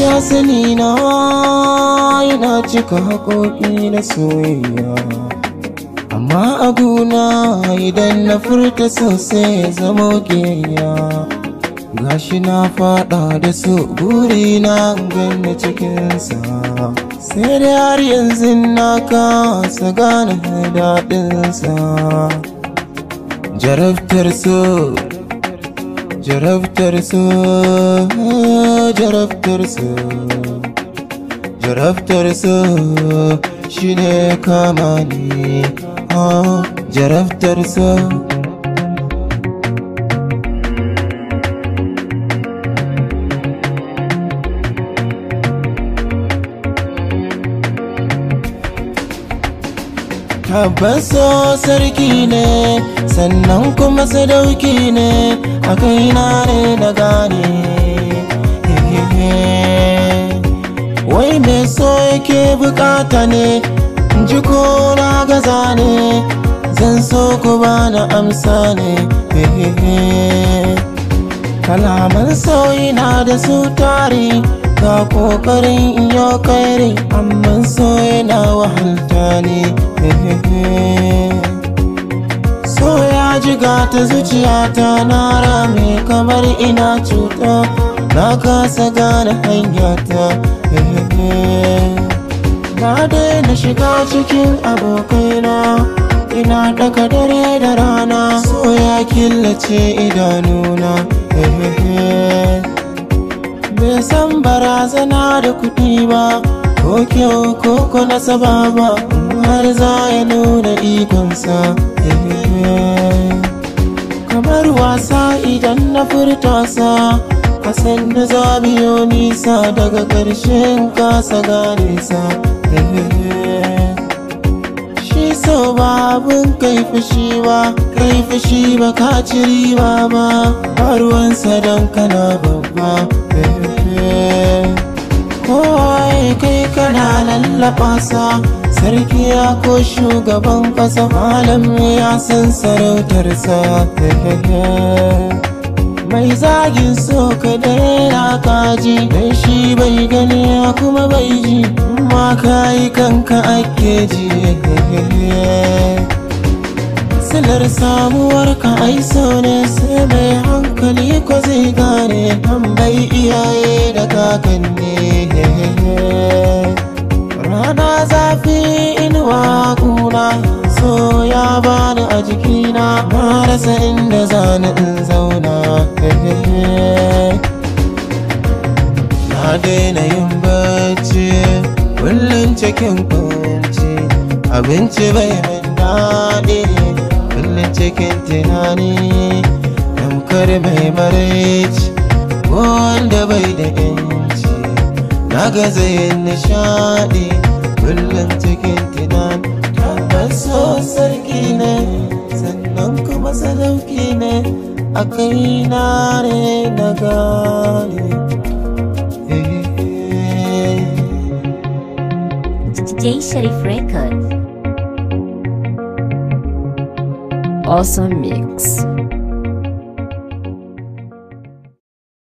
ya sani na yana cika haƙoƙi na soyayya amma a guna idan na furta sosai zama ƙiyayya gashi na faɗa da su buri na ganna cikinsa sai da har yanzu na kasa gane daɗinsa jarabtar so جرفت ترسا جرفت ترسا جرفت ترسا شنه کمانی آه جرفت ترسا so sarki ne sannan kuma sadauki ne a kaina ne da gane wai mai so yake bukata ne ji ko na gaza ne zan so ku bana amsa ne kalaman sauyi na da su tari ga kokarin iyo kairi amma so yana wahalta ne so ya jiga ta zuciyata na rame kamar ina cuta na kasa gane hanyata na daina shiga cikin abokaina ina daga dare da rana so ya killace idanuna bai san barazana da kuɗi ba ko kyau ko ko nasaba ba har za ya nuna ikonsa kamar wasa idan na furta ka kasan da za biyo nisa daga ƙarshen kasa gane sa shi so ba abin kai fushi ba kai fushi ba ka ci riba ba ruwansa don kana babba lallaba sa sarki ya ko shugaban ƙasa malam ya san sarautar sa. mai zagin so ka daina kaji dan shi bai gani ya kuma bai ji ma ka yi kanka ake ji silar samuwar ka ai so ne sai mai hankali ko zai gane an iyaye da kakanni rasa inda zani in zauna na daina yin bacci kullum cikin kunci abinci bai min daɗi kullum cikin tunani tamkar mai maraici ko wanda bai da yanci na gaza yin nishaɗi kullum cikin tunani ne a n n a n k u b a sadauki ne a kai na r e na gane J Sharif Records Awesome Mix